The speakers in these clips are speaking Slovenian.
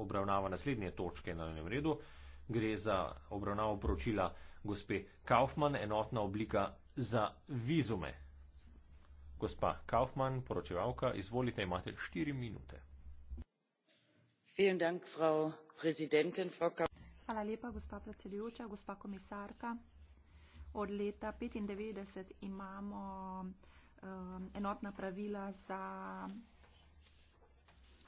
obravnava naslednje točke na enem redu. Gre za obravnavo poročila gospe Kaufmann, enotna oblika za vizume. Gospa Kaufmann, poročevalka, izvolite, imate štiri minute. Hvala lepa, gospa predsedujoča, gospa komisarka. Od leta 1995 imamo um, enotna pravila za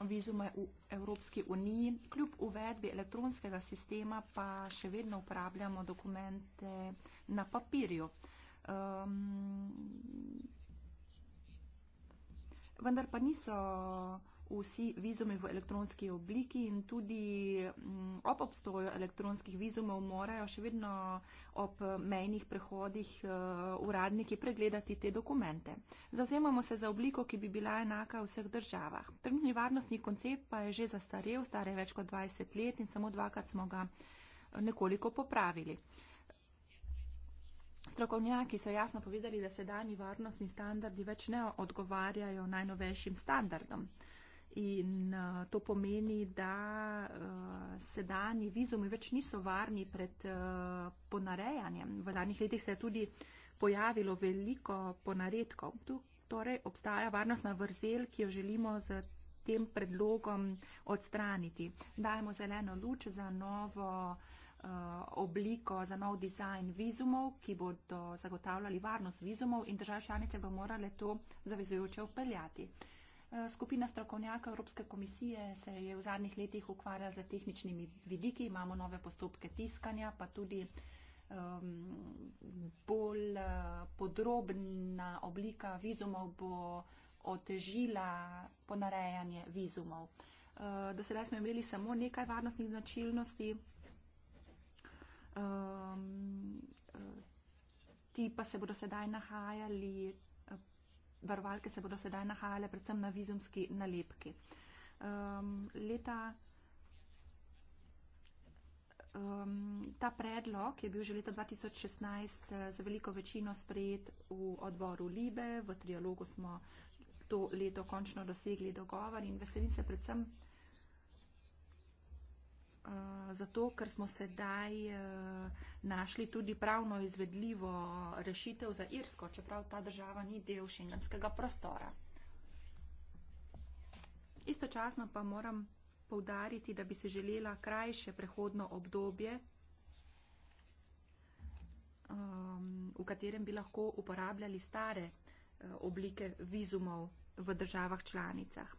vizume v Evropski uniji. Kljub uvedbi elektronskega sistema pa še vedno uporabljamo dokumente na papirju. Um, vendar pa niso vsi vizumi v elektronski obliki in tudi mm, ob obstoju elektronskih vizumov morajo še vedno ob mejnih prehodih eh, uradniki pregledati te dokumente. Zavzemamo se za obliko, ki bi bila enaka v vseh državah. Trenutni varnostni koncept pa je že zastarel, star je več kot 20 let in samo dvakrat smo ga eh, nekoliko popravili. Strokovnjaki so jasno povedali, da sedajni varnostni standardi več ne odgovarjajo najnovejšim standardom. Uh, In uh, to pomeni, da uh, sedani vizumi več niso varni pred uh, ponarejanjem. V zadnjih letih se je tudi pojavilo veliko ponaredkov. Tu torej obstaja varnostna vrzel, ki jo želimo z tem predlogom odstraniti. Dajemo zeleno luč za novo uh, obliko, za nov dizajn vizumov, ki bodo zagotavljali varnost vizumov in države članice bo morale to zavezujoče upeljati. Uh, Skupina strokovnjaka Evropske komisije se je v zadnjih letih ukvarjala z tehničnimi vidiki, imamo nove postopke tiskanja, pa tudi um, bolj uh, podrobna oblika vizumov bo otežila ponarejanje vizumov. Uh, do sedaj smo imeli samo nekaj varnostnih značilnosti, um, uh, ti pa se bodo sedaj nahajali varovalke se bodo sedaj nahajale predvsem na vizumski nalepki. Um, leta, um, ta predlog je bil že leta 2016 eh, za veliko večino sprejet v odboru Libe. V trialogu smo to leto končno dosegli dogovor in veselim se predvsem Eh, zato, ker smo sedaj eh, našli tudi pravno izvedljivo rešitev za Irsko, čeprav ta država ni del šengenskega prostora. Istočasno pa moram povdariti, da bi se želela krajše prehodno obdobje, ehm, v katerem bi lahko uporabljali stare eh, oblike vizumov v državah članicah.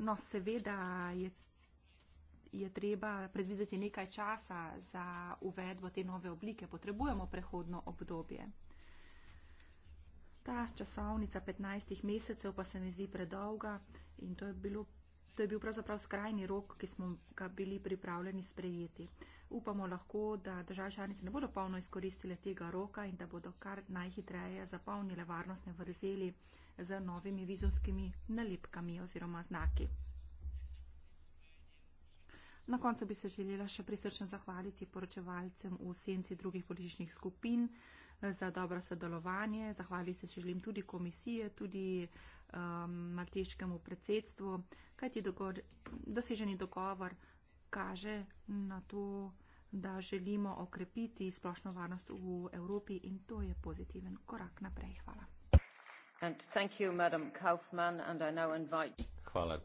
No, seveda je je treba predvideti nekaj časa za uvedbo te nove oblike. Potrebujemo prehodno obdobje. Ta časovnica 15 mesecev pa se mi zdi predolga in to je, bilo, to je bil pravzaprav skrajni rok, ki smo ga bili pripravljeni sprejeti. Upamo lahko, da države članice ne bodo polno izkoristile tega roka in da bodo kar najhitreje zapolnile varnostne vrzeli z novimi vizumskimi nalepkami oziroma znaki. Na koncu bi se želela še prisrčno zahvaliti poročevalcem v senci drugih političnih skupin eh, za dobro sodelovanje. Zahvaliti se želim tudi komisije, tudi um, malteškemu predsedstvu, kajti doseženi dogovor kaže na to, da želimo okrepiti splošno varnost v Evropi in to je pozitiven korak naprej. Hvala. Hvala,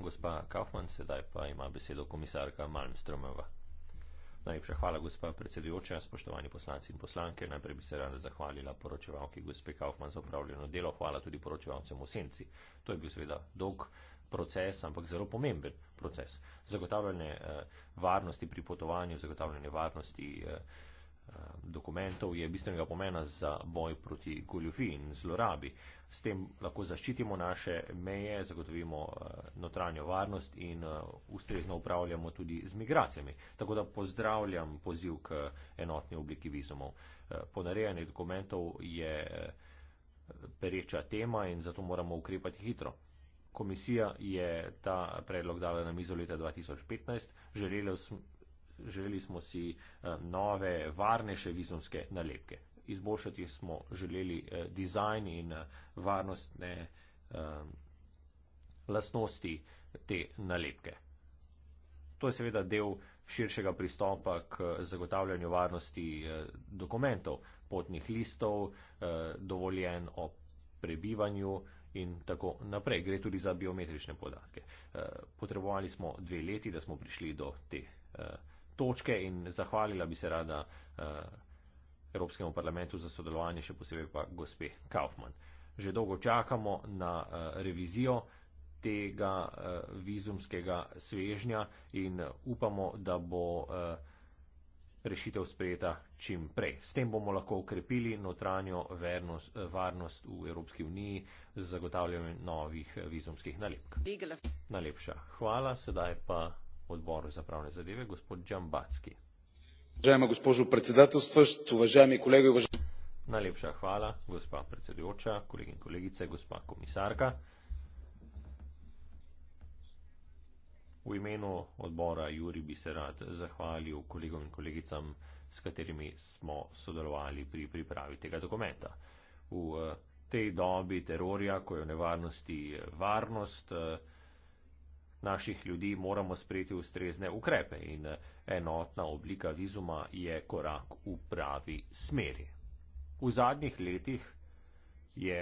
gospa Kaufmann. Sedaj pa ima besedo komisarka Malmstromova. Najlepša hvala, gospa predsedujoča. Spoštovani poslanci in poslanke, najprej bi se rada zahvalila poročevalki gospe Kaufmann za upravljeno delo. Hvala tudi poročevalcem v senci. To je bil seveda dolg proces, ampak zelo pomemben proces. Zagotavljanje eh, varnosti pri potovanju, zagotavljanje varnosti. Eh, Eh, dokumentov je bistvenega pomena za boj proti goljufiji in zlorabi. S tem lahko zaščitimo naše meje, zagotovimo eh, notranjo varnost in eh, ustrezno upravljamo tudi z migracijami. Tako da pozdravljam poziv k enotni obliki vizumov. Ponarejanje dokumentov je pereča tema in zato moramo ukrepati hitro. Komisija je ta predlog dala na mizo leta 2015, želeli smo želeli smo si eh, nove, varnejše vizumske nalepke. Izboljšati smo želeli eh, dizajn in eh, varnostne lasnosti te nalepke. To je seveda del širšega pristopa k zagotavljanju varnosti dokumentov, potnih listov, dovoljen o prebivanju in tako naprej. Gre tudi za biometrične podatke. Potrebovali smo dve leti, da smo prišli do te točke in zahvalila bi se rada uh, Evropskemu parlamentu za sodelovanje, še posebej pa gospe Kaufmann. Že dolgo čakamo na uh, revizijo tega uh, vizumskega svežnja in upamo, da bo uh, rešitev sprejeta čim prej. S tem bomo lahko ukrepili notranjo vernost, varnost v Evropski uniji z zagotavljanjem novih vizumskih nalepk. Najlepša hvala, sedaj pa odboru za pravne zadeve, gospod Džambacki. Vžajamo gospodžu predsedatostvšt, uvažajami kolege, uvažajami. Najlepša hvala, gospa predsedujoča, kolegi in kolegice, gospa komisarka. V imenu odbora Juri bi se rad zahvalil kolegom in kolegicam, s katerimi smo sodelovali pri pripravi tega dokumenta. V eh, tej dobi terorja, ko je v nevarnosti eh, varnost, eh, naših ljudi moramo sprejeti ustrezne ukrepe in eh, enotna oblika vizuma je korak v pravi smeri. V zadnjih letih je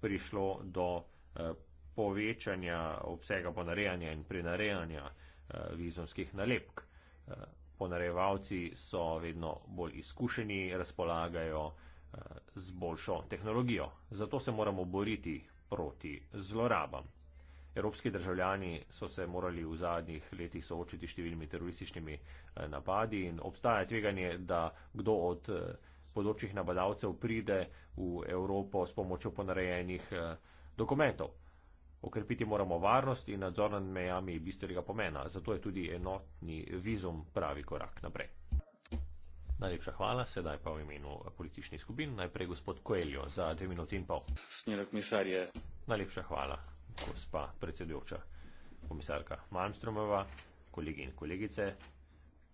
prišlo do eh, povečanja obsega ponarejanja in prinarejanja eh, vizumskih nalepk. Ponarejevalci so vedno bolj izkušeni, razpolagajo z boljšo tehnologijo. Zato se moramo boriti proti zlorabam. Evropski državljani so se morali v zadnjih letih soočiti s številnimi terorističnimi eh, napadi in obstaja tveganje, da kdo od eh, področjih napadalcev pride v Evropo s pomočjo ponarejenih eh, dokumentov. Okrepiti moramo varnost in nadzor nad mejami je bistvenega pomena, zato je tudi enotni vizum pravi korak naprej. Najlepša hvala, sedaj pa v imenu političnih skupin, najprej gospod Koeljo za dve minuti in pol. Snirok misarje. Najlepša hvala gospa predsedujoča komisarka Malmstromova, kolegi in kolegice.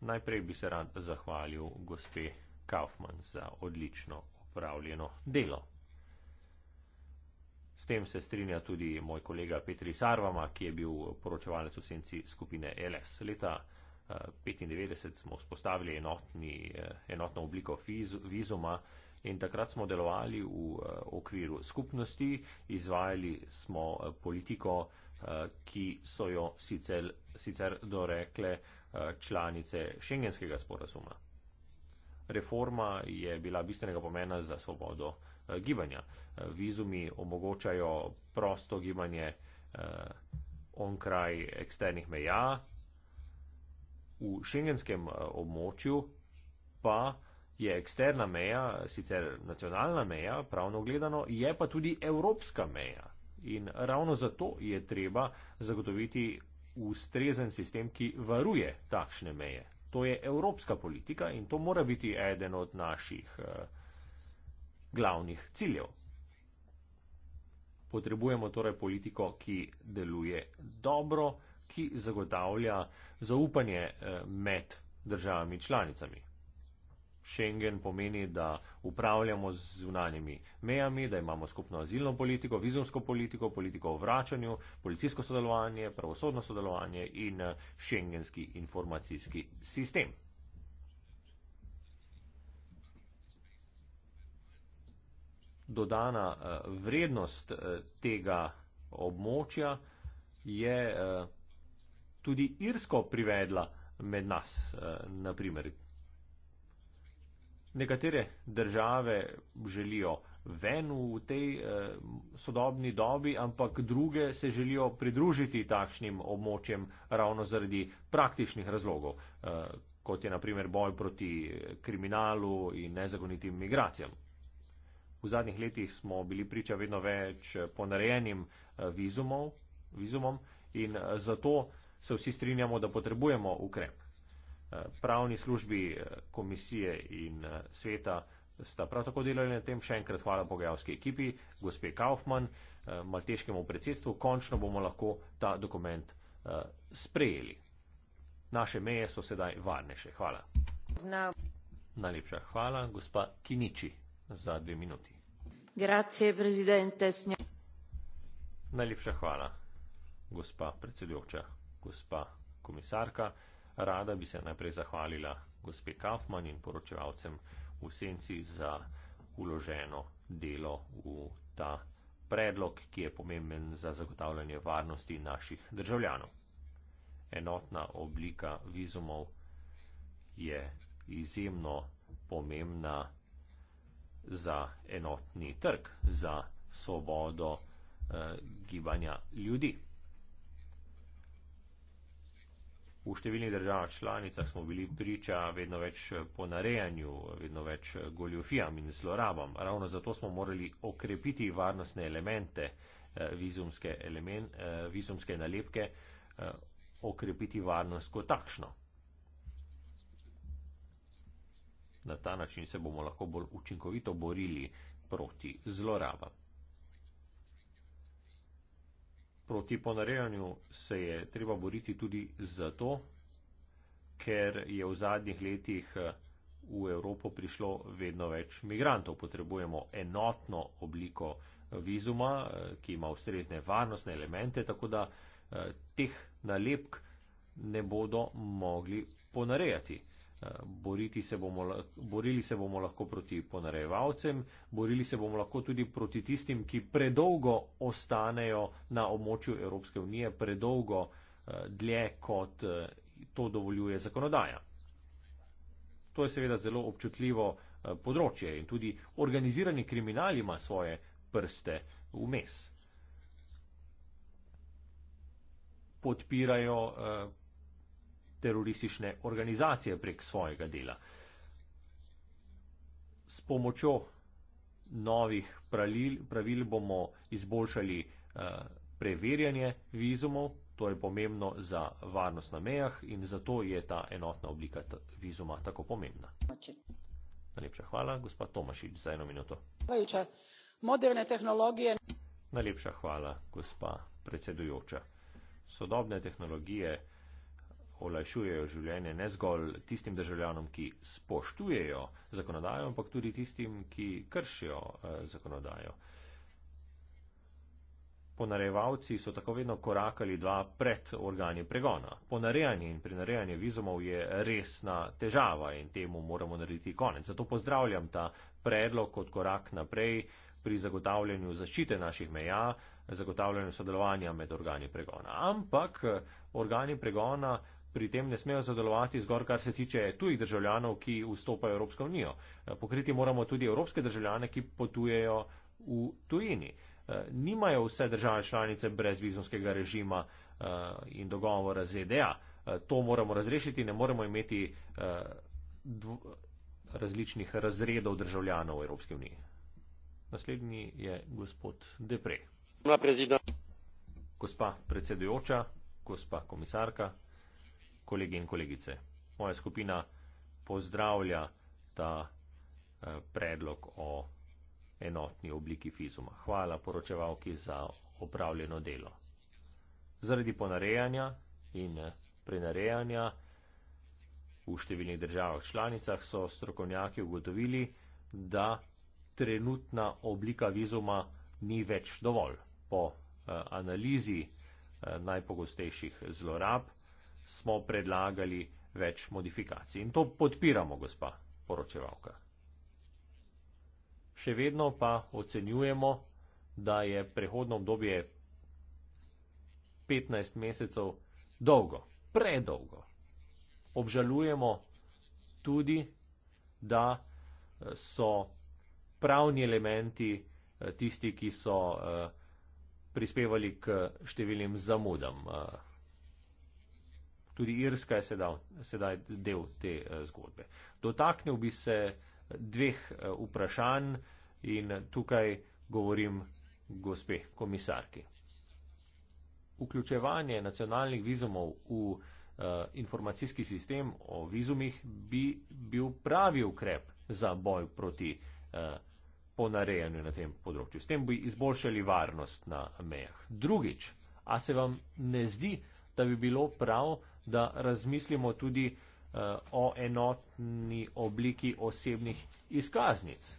Najprej bi se rad zahvalil gospe Kaufmann za odlično opravljeno delo. S tem se strinja tudi moj kolega Petri Sarvama, ki je bil poročevalec v senci skupine LS. Leta 1995 eh, smo vzpostavili enotni, eh, enotno obliko vizuma, vizu, in takrat smo delovali v eh, okviru skupnosti, izvajali smo eh, politiko, eh, ki so jo sicer, sicer dorekle članice šengenskega sporazuma. Reforma je bila bistvenega pomena za svobodo gibanja. Vizumi omogočajo prosto gibanje onkraj eksternih meja, v šengenskem območju pa je eksterna meja, sicer nacionalna meja, pravno gledano, je pa tudi evropska meja. In ravno zato je treba zagotoviti ustrezen sistem, ki varuje takšne meje. To je evropska politika in to mora biti eden od naših eh, glavnih ciljev. Potrebujemo torej politiko, ki deluje dobro, ki zagotavlja zaupanje eh, med državami članicami. Schengen pomeni, da upravljamo z zunanjimi mejami, da imamo skupno azilno politiko, vizumsko politiko, politiko o vračanju, policijsko sodelovanje, pravosodno sodelovanje in šengenski eh, informacijski sistem. Dodana eh, vrednost eh, tega območja je tudi Irsko privedla med nas, naprimer, Nekatere države želijo ven v tej eh, sodobni dobi, ampak druge se želijo pridružiti takšnim območjem ravno zaradi praktičnih razlogov, eh, kot je naprimer boj proti kriminalu in nezagonitim migracijam. V zadnjih letih smo bili priča vedno več ponarejenim eh, vizumov, vizumom in eh, zato se vsi strinjamo, da potrebujemo ukrep pravni službi eh, komisije in eh, sveta sta prav tako delali na tem. Še enkrat hvala pogajalski ekipi, gospe Kaufmann, eh, malteškemu predsedstvu. Končno bomo lahko ta dokument sprejeli. Naše meje so sedaj varnejše. Hvala. No. Najlepša hvala, gospa Kiniči, za dve minuti. Grazie, prezidente. Najlepša hvala, gospa predsedujoča, gospa komisarka. Rada bi se najprej zahvalila gospe Kaufman in poročevalcem v senci za uloženo delo v ta predlog, ki je pomemben za zagotavljanje varnosti naših državljanov. Enotna oblika vizumov je izjemno pomembna za enotni trg, za svobodo eh, gibanja ljudi. V številnih državah članicah smo bili priča vedno več eh, ponarejanju, vedno več eh, goljofijam in zlorabam. Ravno zato smo morali okrepiti varnostne elemente, eh, vizumske, element, vizumske nalepke, okrepiti varnost kot takšno. Na ta način se bomo lahko bolj učinkovito borili proti zlorabam proti ponarejanju se je treba boriti tudi zato, ker je v zadnjih letih eh, v Evropo prišlo vedno več migrantov. Potrebujemo enotno obliko eh, vizuma, eh, ki ima ustrezne varnostne elemente, tako da teh nalepk ne bodo mogli ponarejati. Boriti se bomo, borili se bomo lahko proti ponarejevalcem, borili se bomo lahko tudi proti tistim, ki predolgo ostanejo na območju Evropske unije, predolgo eh, dlje, kot eh, to dovoljuje zakonodaja. To je seveda zelo občutljivo eh, področje in tudi organizirani kriminal ima svoje prste vmes. Podpirajo teroristične organizacije prek svojega dela. S pomočjo novih pravil, pravil bomo izboljšali eh, preverjanje vizumov, to je pomembno za varnost na mejah in zato je ta enotna oblika vizuma tako pomembna. Najlepša hvala, gospa Tomašič, za eno minuto. Moderne tehnologije. Najlepša hvala, gospa predsedujoča. Sodobne tehnologije olajšujejo življenje ne zgolj tistim državljanom, ki spoštujejo zakonodajo, ampak tudi tistim, ki kršijo eh, zakonodajo. Ponarejevalci so tako vedno korakali dva pred organi pregona. Ponarejanje in prinarejanje vizumov je resna težava in temu moramo narediti konec. Zato pozdravljam ta predlog kot korak naprej pri zagotavljanju zaščite naših meja, zagotavljanju sodelovanja med organi pregona. Ampak eh, organi pregona pri tem ne smejo sodelovati zgor, kar se tiče tujih državljanov, ki vstopajo v Evropsko unijo. Eh, pokriti moramo tudi evropske državljane, ki potujejo v tujini. Eh, nimajo vse države članice brez vizumskega režima eh, in dogovora z EDA. To moramo razrešiti, ne moremo imeti različnih razredov državljanov v Evropski uniji. Naslednji je gospod Depre. Gospa predsedujoča, gospa komisarka kolegi in kolegice. Moja skupina pozdravlja ta eh, predlog o enotni obliki fizuma. Hvala poročevalki za opravljeno delo. Zaradi ponarejanja in eh, prenarejanja v številnih državah članicah so strokovnjaki ugotovili, da trenutna oblika vizuma ni več dovolj. Po eh, analizi najpogostejših zlorab smo predlagali več modifikacij. In to podpiramo, gospa poročevalka. Še vedno pa ocenjujemo, da je prehodno obdobje 15 mesecev dolgo, predolgo. Obžalujemo tudi, da eh, so pravni elementi eh, tisti, ki so eh, prispevali k številnim zamudam tudi Irska je sedaj, sedaj del te eh, zgodbe. Dotaknil bi se eh, dveh eh, vprašanj in tukaj govorim gospe komisarki. Vključevanje nacionalnih vizumov v uh, informacijski sistem o vizumih bi bil pravi ukrep za boj proti uh, ponarejanju na tem področju. S tem bi izboljšali varnost na mejah. Drugič, a se vam ne zdi, da bi bilo prav, da razmislimo tudi uh, o enotni obliki osebnih izkaznic.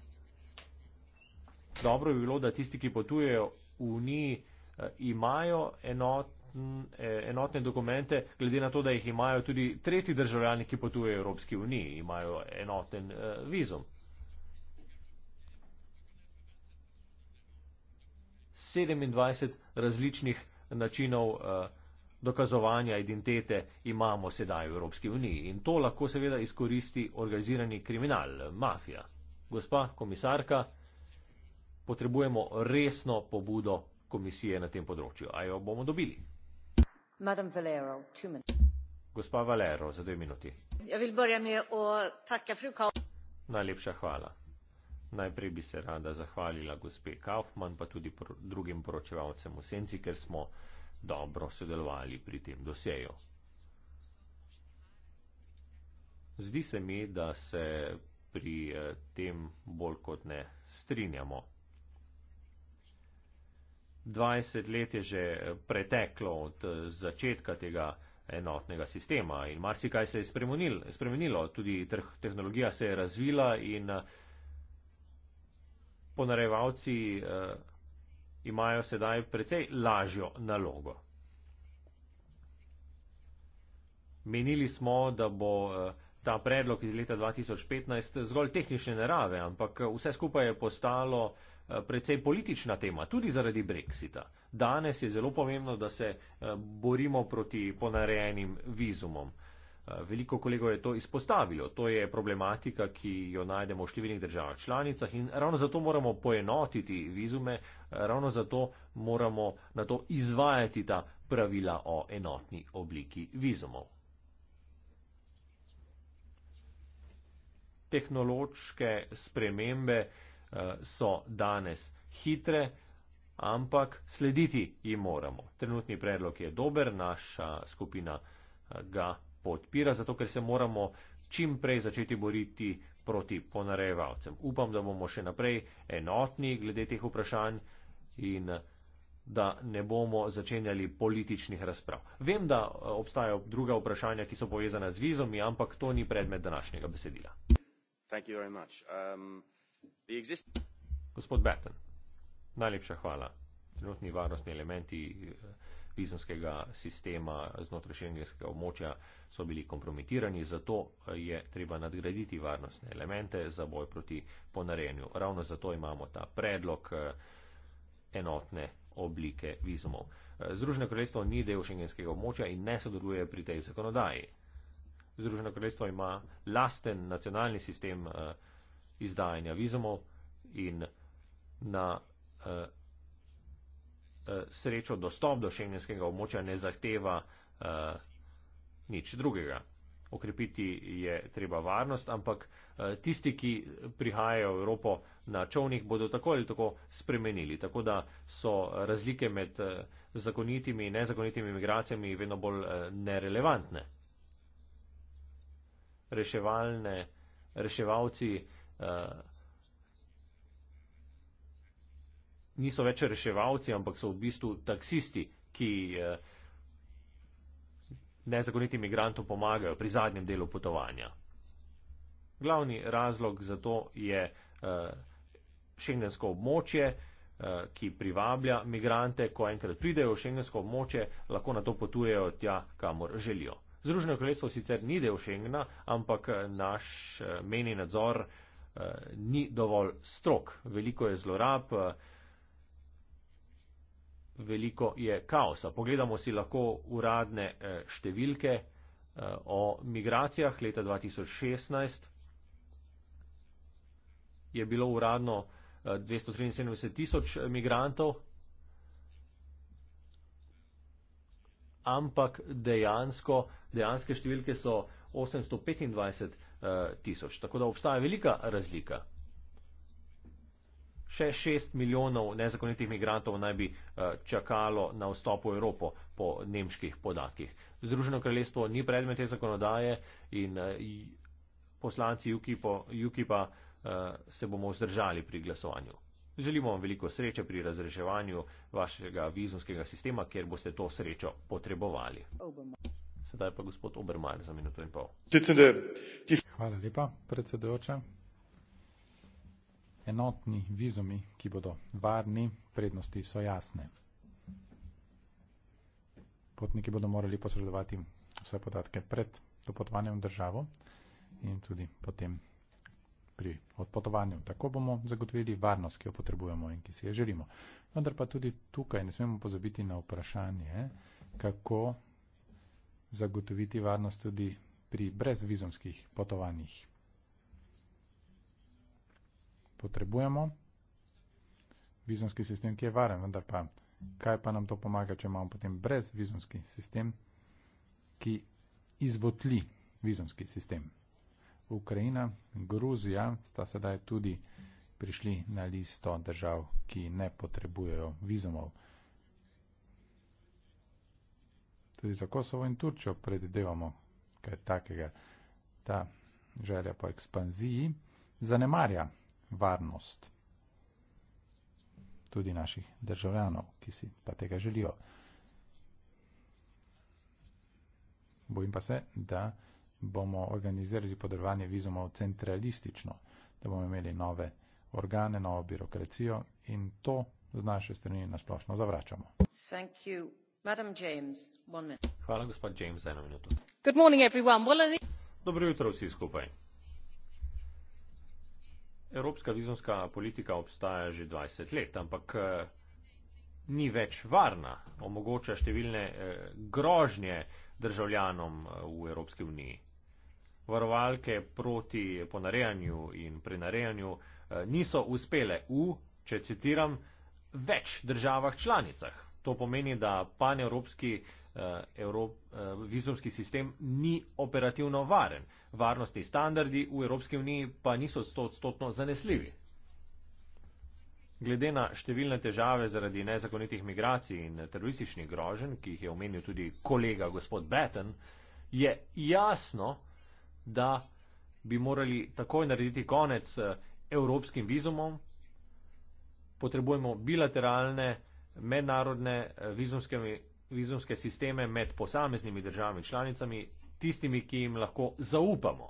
Dobro bi bilo, da tisti, ki potujejo v Uniji, uh, imajo enotn, eh, enotne dokumente, glede na to, da jih imajo tudi tretji državljani, ki potujejo v Evropski uniji, imajo enoten eh, vizum. 27 različnih načinov eh, dokazovanja identitete imamo sedaj v Evropski uniji in to lahko seveda izkoristi organizirani kriminal, mafija. Gospa komisarka, potrebujemo resno pobudo komisije na tem področju. A jo bomo dobili? Valero, Gospa Valero, za dve minuti. Najlepša hvala. Najprej bi se rada zahvalila gospe Kaufmann, pa tudi drugim poročevalcem v senci, ker smo dobro sodelovali pri tem dosjeju. Zdi se mi, da se pri eh, tem bolj kot ne strinjamo. 20 let je že eh, preteklo od eh, začetka tega enotnega sistema in marsikaj se je spremenilo, tudi tehnologija se je razvila in ponarevalci imajo sedaj precej lažjo nalogo. Menili smo, da bo eh, ta predlog iz leta 2015 zgolj tehnične narave, ampak eh, vse skupaj je postalo eh, precej politična tema, tudi zaradi Brexita. Danes je zelo pomembno, da se borimo proti ponarejenim vizumom. Eh, veliko kolegov je to izpostavilo. To je problematika, ki jo najdemo v številnih državah članicah in ravno zato moramo poenotiti vizume, eh, ravno zato moramo na to izvajati ta pravila o enotni obliki vizumov. Tehnološke spremembe eh, so danes hitre, ampak slediti jim moramo. Trenutni predlog je dober, naša skupina ga podpira, zato ker se moramo čim prej začeti boriti proti ponarejevalcem. Upam, da bomo še naprej enotni glede teh vprašanj in da ne bomo začenjali političnih razprav. Vem, da eh, obstajajo druga vprašanja, ki so povezana z vizomi, ampak to ni predmet današnjega besedila. Um, exist... Gospod Batten, najlepša hvala. Trenutni varnostni elementi. Uh, vizumskega sistema znotraj šengenskega območja so bili kompromitirani, zato je treba nadgraditi varnostne elemente za boj proti ponarejanju. Ravno zato imamo ta predlog eh, enotne oblike vizumov. Eh, Združeno kraljestvo ni del šengenskega območja in ne sodeluje pri tej zakonodaji. Združeno kraljestvo ima lasten nacionalni sistem eh, izdajanja vizumov in na Eh, srečo dostop do šengenskega območja ne zahteva eh, nič drugega. Okrepiti je treba varnost, ampak eh, tisti, ki prihajajo v Evropo na čovnih, bodo tako ali tako spremenili. Tako da so razlike med zakonitimi in nezakonitimi migracijami vedno bolj nerelevantne. Reševalne, reševalci niso več reševalci, ampak so v bistvu taksisti, ki eh, nezakonitim imigrantom pomagajo pri zadnjem delu potovanja. Glavni razlog za to je eh, šengensko območje, eh, ki privablja imigrante, ko enkrat pridejo v šengensko območje, lahko na to potujejo tja, kamor želijo. Združeno kraljestvo sicer ni del Schengena, ampak naš meni nadzor eh, ni dovolj strok. Veliko je zlorab, eh, veliko je kaosa. Pogledamo si lahko uradne eh, številke eh, o migracijah. Leta 2016 je bilo uradno 273 eh, tisoč migrantov, ampak dejansko, dejanske številke so 825 tisoč. Tako da obstaja velika razlika. Še šest milijonov nezakonitih migrantov naj bi eh, čakalo na vstop v Evropo po nemških podatkih. Združeno kraljestvo ni predmet te zakonodaje in eh, poslanci UKIP-a eh, se bomo vzdržali pri glasovanju. Želimo vam veliko sreče pri razreševanju vašega vizumskega sistema, ker boste to srečo potrebovali. Sedaj pa gospod Obermajer za minuto in pol. Hvala lepa, predsedujoča enotni vizumi, ki bodo varni, prednosti so jasne. Potniki bodo morali posredovati vse podatke pred dopotovanjem v državo in tudi potem pri odpotovanju. Tako bomo zagotovili varnost, ki jo potrebujemo in ki si jo želimo. Vendar pa tudi tukaj ne smemo pozabiti na vprašanje, kako zagotoviti varnost tudi pri brezvizumskih potovanjih potrebujemo. Vizumski sistem, ki je varen, vendar pa kaj pa nam to pomaga, če imamo potem brezvizumski sistem, ki izvotli vizumski sistem. Ukrajina, Gruzija sta sedaj tudi prišli na listo držav, ki ne potrebujejo vizumov. Tudi za Kosovo in Turčjo predvidevamo kaj takega. Ta želja po ekspanziji zanemarja varnost tudi naših državljanov, ki si pa tega želijo. Bojim pa se, da bomo organizirali podarovanje vizumov centralistično, da bomo imeli nove organe, novo birokracijo in to z naše strani nasplošno zavračamo. James, Hvala, gospod James, za eno minuto. Dobro jutro vsi skupaj. Evropska vizumska politika obstaja že 20 let, ampak eh, ni več varna, omogoča številne eh, grožnje državljanom eh, v Evropski uniji. Varovalke proti ponarejanju in prenarejanju niso uspele v, če citiram, več državah članicah. To pomeni, da pan-evropski Eh, Evrop, eh, vizumski sistem ni operativno varen. Varnostni standardi v Evropski uniji pa niso stotno zanesljivi. Glede na številne težave zaradi nezakonitih migracij in terorističnih groženj, ki jih je omenil tudi kolega gospod Batten, je jasno, da bi morali takoj narediti konec eh, evropskim vizumom. Potrebujemo bilateralne, mednarodne vizumske vizumske sisteme med posameznimi državami članicami, tistimi, ki jim lahko zaupamo.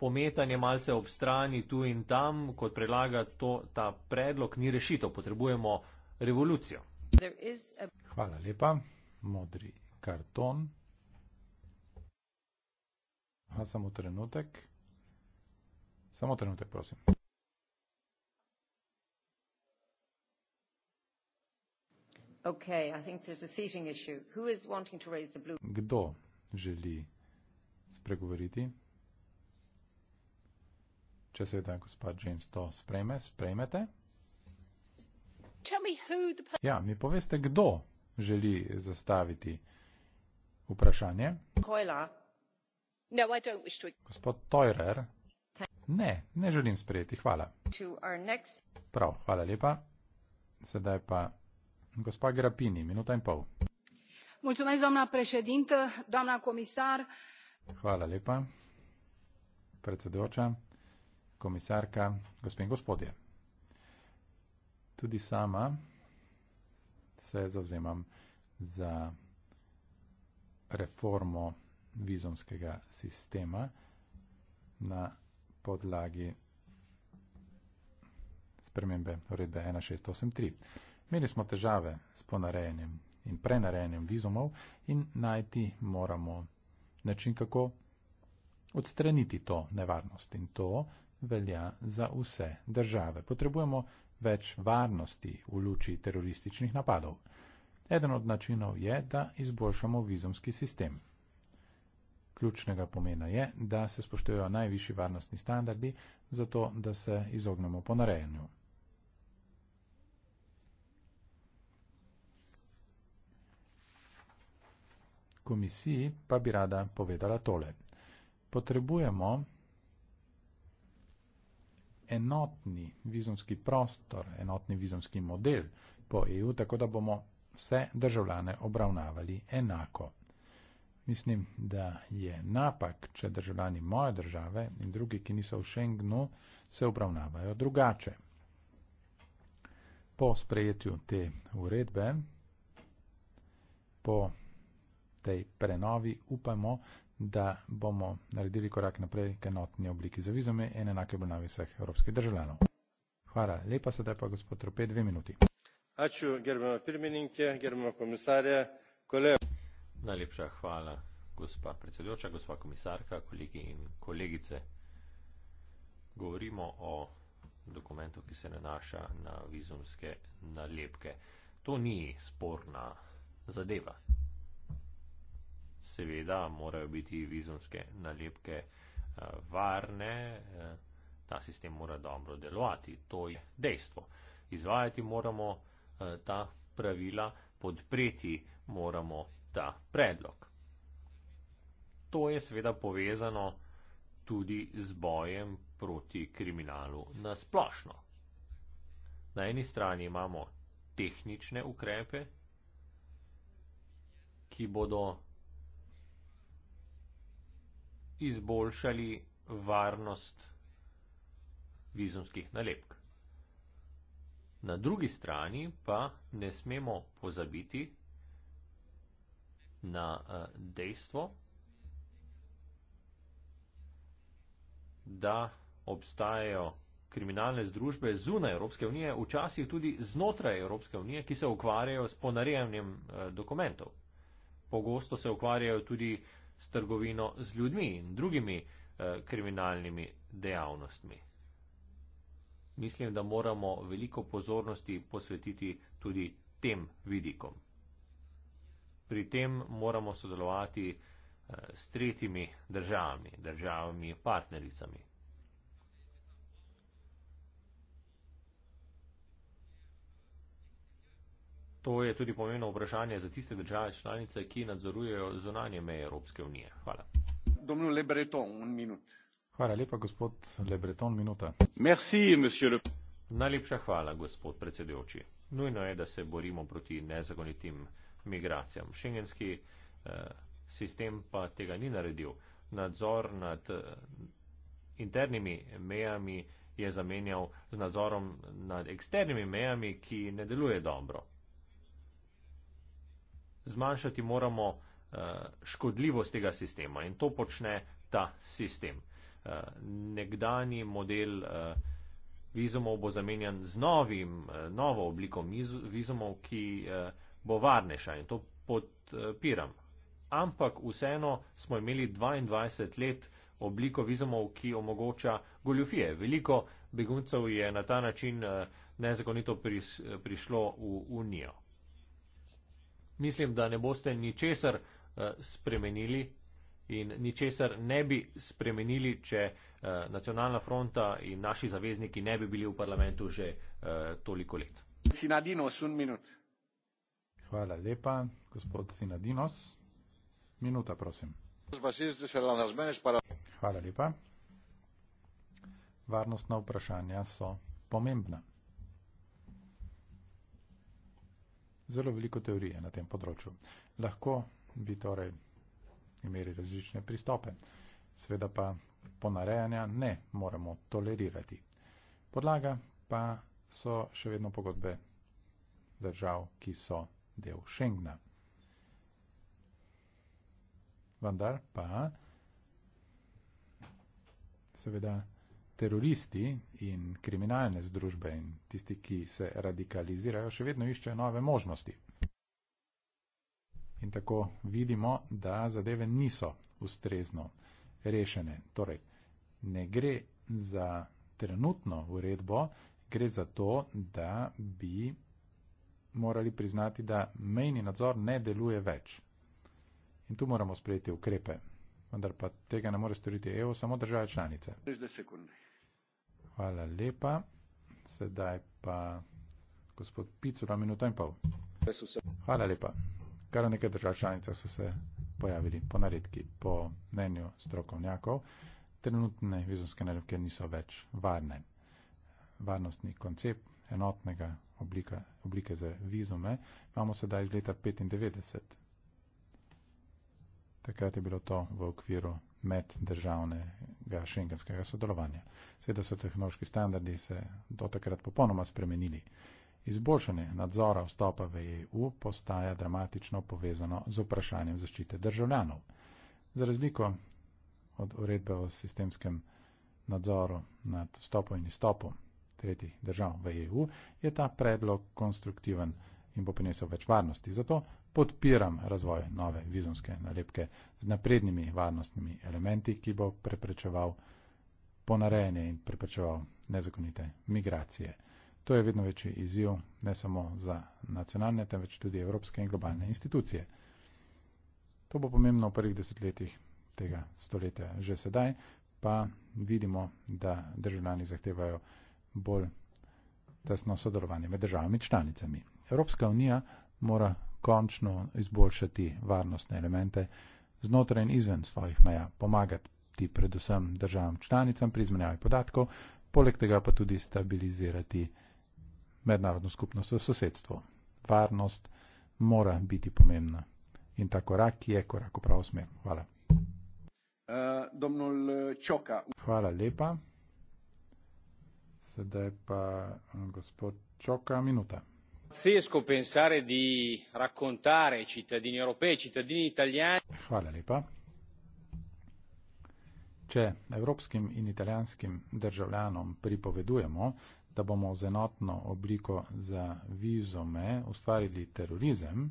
Pometanje malce ob strani tu in tam, kot predlaga to, ta predlog, ni rešitev. Potrebujemo revolucijo. Hvala lepa. Modri karton. Ha, samo trenutek. Samo trenutek, prosim. Okay, I think there's a seating issue. Who is wanting to raise the blue? Kdo želi spregovoriti? Če seveda gospa James to sprejme, sprejmete. Ja, mi poveste, kdo želi zastaviti vprašanje. No, Gospod Teurer. Ne, ne želim sprejeti, hvala. Prav, hvala lepa. Sedaj pa doamnă președintă doamnă comisar comisarka gospe in gospodje tudi sama se zavzemam za reformo vizumskega sistema na podlagi spremembe uredbe ena šest osem tri Imeli smo težave s ponarejenjem in prenarejenjem vizumov in najti moramo način, kako odstraniti to nevarnost. In to velja za vse države. Potrebujemo več varnosti v luči terorističnih napadov. Eden od načinov je, da izboljšamo vizumski sistem. Ključnega pomena je, da se spoštujejo najvišji varnostni standardi, zato da se izognemo ponarejenju. komisiji pa bi rada povedala tole. Potrebujemo enotni vizumski prostor, enotni vizumski model po EU, tako da bomo vse državljane obravnavali enako. Mislim, da je napak, če državljani moje države in drugi, ki niso v Schengnu, se obravnavajo drugače. Po sprejetju te uredbe, po tej prenovi, upajmo, da bomo naredili korak naprej k enotni obliki za vizume in enake obravnave vseh evropskih državljanov. Hvala lepa, sedaj pa gospod Trope, dve minuti. Aču, gerbeno firmeninke, gerbeno komisarje, kolejo. Najlepša hvala, gospa predsedujoča, gospa komisarka, kolegi in kolegice. Govorimo o dokumentu, ki se nanaša na vizumske nalepke. To ni sporna zadeva seveda morajo biti vizumske nalepke eh, varne, eh, ta sistem mora dobro delovati, to je dejstvo. Izvajati moramo eh, ta pravila, podpreti moramo ta predlog. To je seveda povezano tudi z bojem proti kriminalu na splošno. Na eni strani imamo tehnične ukrepe, ki bodo izboljšali varnost vizumskih nalepk. Na drugi strani pa ne smemo pozabiti na eh, dejstvo, da obstajajo kriminalne združbe zunaj Evropske unije, včasih tudi znotraj Evropske unije, ki se ukvarjajo s ponarejanjem eh, dokumentov. Pogosto se ukvarjajo tudi s trgovino z ljudmi in drugimi eh, kriminalnimi dejavnostmi. Mislim, da moramo veliko pozornosti posvetiti tudi tem vidikom. Pri tem moramo sodelovati eh, s tretjimi državami, državami partnericami. To je tudi pomembno vprašanje za tiste države članice, ki nadzorujejo zunanje meje Evropske unije. Hvala. Domnul Lebreton, en minut. Hvala lepa, gospod Lebreton, minuta. Merci, le... Najlepša hvala, gospod predsedujoči. Nujno je, da se borimo proti nezakonitim migracijam. Šengenski eh, sistem pa tega ni naredil. Nadzor nad eh, internimi mejami je zamenjal z nadzorom nad eksternimi mejami, ki ne deluje dobro zmanjšati moramo eh, škodljivost tega sistema in to počne ta sistem. Eh, Nekdani model eh, vizumov bo zamenjan z novim, novo obliko vizumov, ki bo varnejša in to podpiram. Ampak vseeno smo imeli 22 let obliko vizumov, ki omogoča goljufije. Veliko beguncev je na ta način nezakonito prišlo v Unijo mislim, da ne boste ničesar eh, spremenili in ničesar ne bi spremenili, če eh, nacionalna fronta in naši zavezniki ne bi bili v parlamentu že eh, toliko let. Sinadinos, un minut. Hvala lepa, gospod Sinadinos. Minuta, prosim. Hvala lepa. Varnostna vprašanja so pomembna. zelo veliko teorije na tem področju. Lahko bi torej imeli različne pristope, seveda pa ponarejanja ne moremo tolerirati. Podlaga pa so še vedno pogodbe držav, ki so del Schengna. Vendar pa seveda teroristi in kriminalne združbe in tisti, ki se radikalizirajo, še vedno iščejo nove možnosti. In tako vidimo, da zadeve niso ustrezno rešene. Torej, ne gre za trenutno uredbo, gre za to, da bi morali priznati, da mejni nadzor ne deluje več. In tu moramo sprejeti ukrepe, vendar pa tega ne more storiti EU, samo države članice. 30 sekunde. Hvala lepa. Sedaj pa gospod Picura, minuta in pol. Hvala lepa. Kar nekaj držav članica so se pojavili po naredki, po mnenju strokovnjakov. Trenutne vizonske naredke niso več varne. Varnostni koncept enotnega oblika, oblike za vizume imamo sedaj iz leta 1995. Takrat je bilo to v okviru meddržavnega šengenskega sodelovanja. Sveda so tehnološki standardi se do takrat popolnoma spremenili. Izboljšanje nadzora vstopa v EU postaja dramatično povezano z vprašanjem zaščite državljanov. Za razliko od uredbe o sistemskem nadzoru nad vstopom in izstopom tretjih držav v EU je ta predlog konstruktiven in bo prinesel več varnosti. Zato podpiram razvoj nove vizumske nalepke z naprednimi varnostnimi elementi, ki bo preprečeval ponarejanje in preprečeval nezakonite migracije. To je vedno večji izziv ne samo za nacionalne, temveč tudi evropske in globalne institucije. To bo pomembno v prvih desetletjih tega stoletja že sedaj, pa vidimo, da državljani zahtevajo bolj tesno sodelovanje med državami članicami. Evropska unija mora končno izboljšati varnostne elemente znotraj in izven svojih meja, pomagati predvsem državam članicam pri izmenjavi podatkov, poleg tega pa tudi stabilizirati mednarodno skupnost v sosedstvu. Varnost mora biti pomembna in ta korak je korak v pravo smer. Hvala. Eh, Hvala lepa. Sedaj pa gospod Čoka, minuta pazzesco pensare di raccontare ai cittadini europei, ai cittadini italiani. Hvala lepa. Če evropskim in italijanskim državljanom pripovedujemo, da bomo z enotno obliko za vizome ustvarili terorizem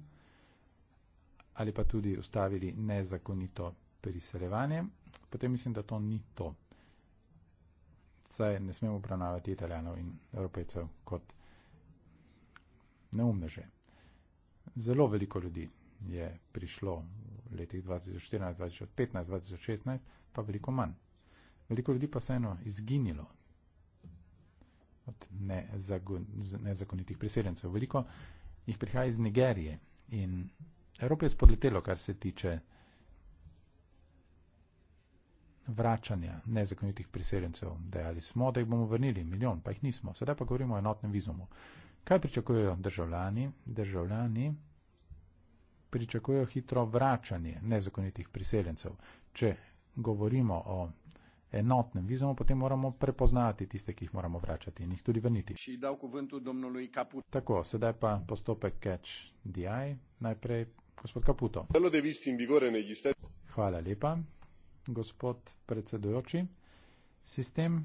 ali pa tudi ustavili nezakonito priseljevanje, potem mislim, da to ni to. Saj ne smemo obravnavati italijanov in evropejcev kot državljanov neumneže. Zelo veliko ljudi je prišlo v letih 2014, 2015, 2016, pa veliko manj. Veliko ljudi pa vseeno izginilo od nezakonitih priseljencev. Veliko jih prihaja iz Nigerije in Evropa je spodletelo, kar se tiče vračanja nezakonitih priseljencev. Dejali smo, da jih bomo vrnili milijon, pa jih nismo. Sedaj pa govorimo o enotnem vizumu. Kaj pričakujejo državljani? Državljani pričakujejo hitro vračanje nezakonitih priseljencev. Če govorimo o enotnem vizumu, potem moramo prepoznati tiste, ki jih moramo vračati in jih tudi vrniti. Tako, sedaj pa postopek catch DI. Najprej gospod Kaputo. Hvala lepa, gospod predsedujoči. Sistem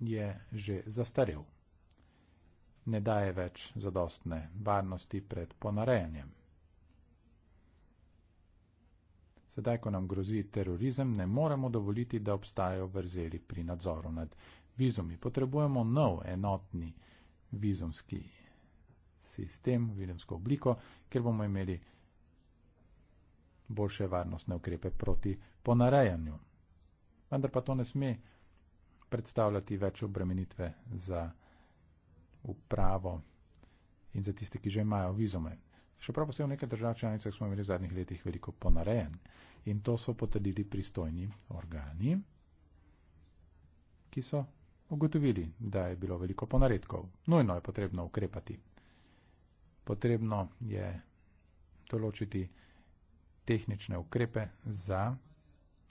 je že zastarel ne daje več zadostne varnosti pred ponarejanjem. Sedaj, ko nam grozi terorizem, ne moremo dovoliti, da obstajajo vrzeli pri nadzoru nad vizumi. Potrebujemo nov enotni vizumski sistem, vizumsko obliko, ker bomo imeli boljše varnostne ukrepe proti ponarejanju. Vendar pa to ne sme predstavljati več obremenitve za upravo in za tiste, ki že imajo vizume. Še prav posebej v nekaj držav članicah smo imeli v zadnjih letih veliko ponarejen in to so potrdili pristojni organi, ki so ugotovili, da je bilo veliko ponaredkov. Nujno je potrebno ukrepati. Potrebno je določiti tehnične ukrepe za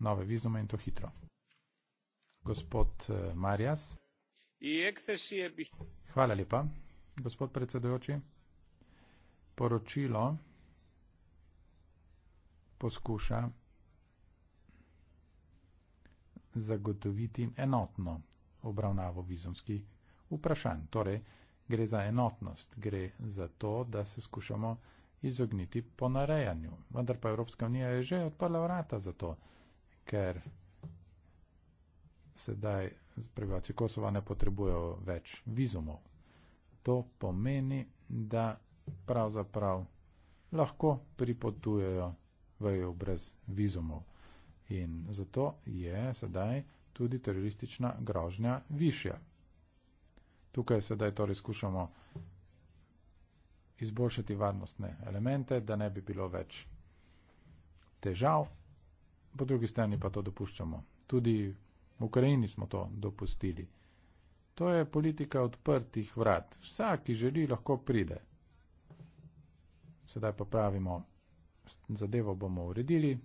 nove vizume in to hitro. Gospod eh, Marjas. Hvala lepa, gospod predsedujoči. Poročilo poskuša zagotoviti enotno obravnavo vizumskih vprašanj. Torej, gre za enotnost, gre za to, da se skušamo izogniti ponarejanju. Vendar pa Evropska unija je že odprla vrata za to, ker sedaj prebivalci Kosova ne potrebujejo več vizumov. To pomeni, da pravzaprav lahko pripotujejo v EU brez vizumov. In zato je sedaj tudi teroristična grožnja višja. Tukaj sedaj torej skušamo izboljšati varnostne elemente, da ne bi bilo več težav, po drugi strani pa to dopuščamo. Tudi V Ukrajini smo to dopustili. To je politika odprtih vrat. Vsak, ki želi, lahko pride. Sedaj pa pravimo, zadevo bomo uredili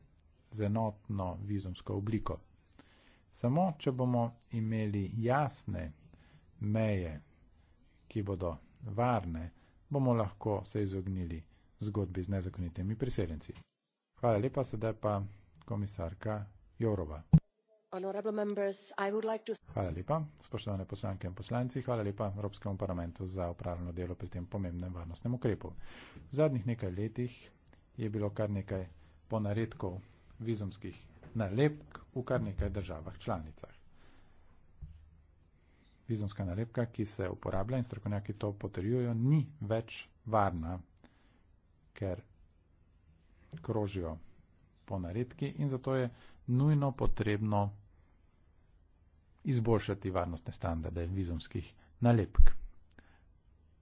z enotno vizumsko obliko. Samo, če bomo imeli jasne meje, ki bodo varne, bomo lahko se izognili zgodbi z nezakonitimi priseljenci. Hvala lepa, sedaj pa komisarka Jorova. Hvala lepa, spoštovane poslanke in poslanci, hvala lepa Evropskemu parlamentu za upravljeno delo pri tem pomembnem varnostnem ukrepu. V zadnjih nekaj letih je bilo kar nekaj ponaredkov vizumskih nalepk v kar nekaj državah članicah. Vizumska nalepka, ki se uporablja in strokovnjaki to potrjujejo, ni več varna, ker krožijo ponaredki in zato je nujno potrebno izboljšati varnostne standarde vizumskih nalepk.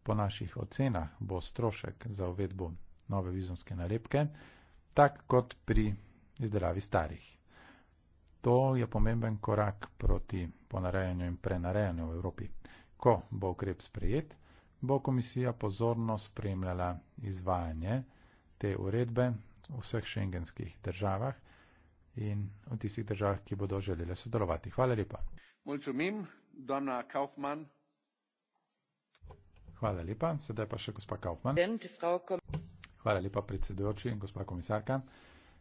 Po naših ocenah bo strošek za uvedbo nove vizumske nalepke tak kot pri izdelavi starih. To je pomemben korak proti ponarejanju in prenarejanju v Evropi. Ko bo ukrep sprejet, bo komisija pozorno spremljala izvajanje te uredbe v vseh šengenskih državah in v tistih državah, ki bodo želeli sodelovati. Hvala lepa. Mulțumim, doamna Kaufmann. Hvala lepa, sedaj pa še gospa Kaufmann. Hvala lepa, predsedujoči in gospa komisarka.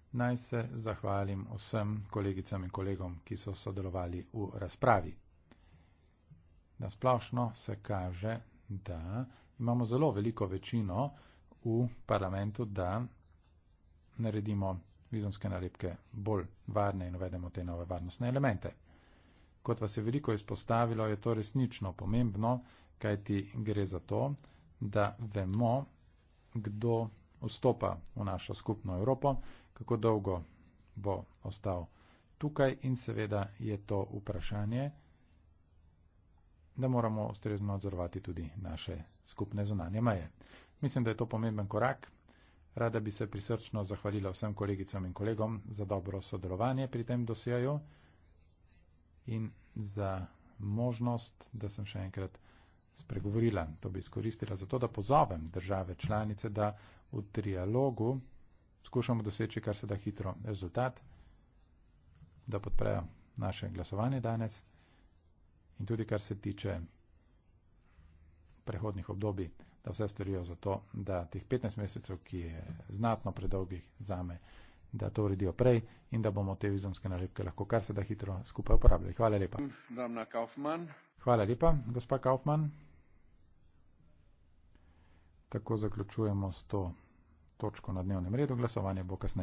Naj se zahvalim vsem kolegicam in kolegom, ki so sodelovali v razpravi. Na splošno se kaže, da imamo zelo veliko večino v parlamentu, da naredimo vizumske nalepke bolj varne in uvedemo te nove varnostne elemente. Kot vas je veliko izpostavilo, je to resnično pomembno, kaj ti gre za to, da vemo, kdo vstopa v našo skupno Evropo, kako dolgo bo ostal tukaj in seveda je to vprašanje, da moramo ustrezno odzorovati tudi naše skupne zunanje maje. Mislim, da je to pomemben korak. Rada bi se prisrčno zahvalila vsem kolegicam in kolegom za dobro sodelovanje pri tem dosjeju in za možnost, da sem še enkrat spregovorila. To bi izkoristila zato, da pozovem države članice, da v trialogu skušamo doseči kar se da hitro rezultat, da podprejo naše glasovanje danes in tudi kar se tiče prehodnih obdobij, da vse storijo za to, da teh 15 mesecev, ki je znatno predolgih za me, da to uredijo prej in da bomo te vizumske nalepke lahko kar se da hitro skupaj uporabljali. Hvala lepa. Hvala lepa, gospa Kaufmann. Tako zaključujemo s to točko na dnevnem redu. Glasovanje bo kasneje.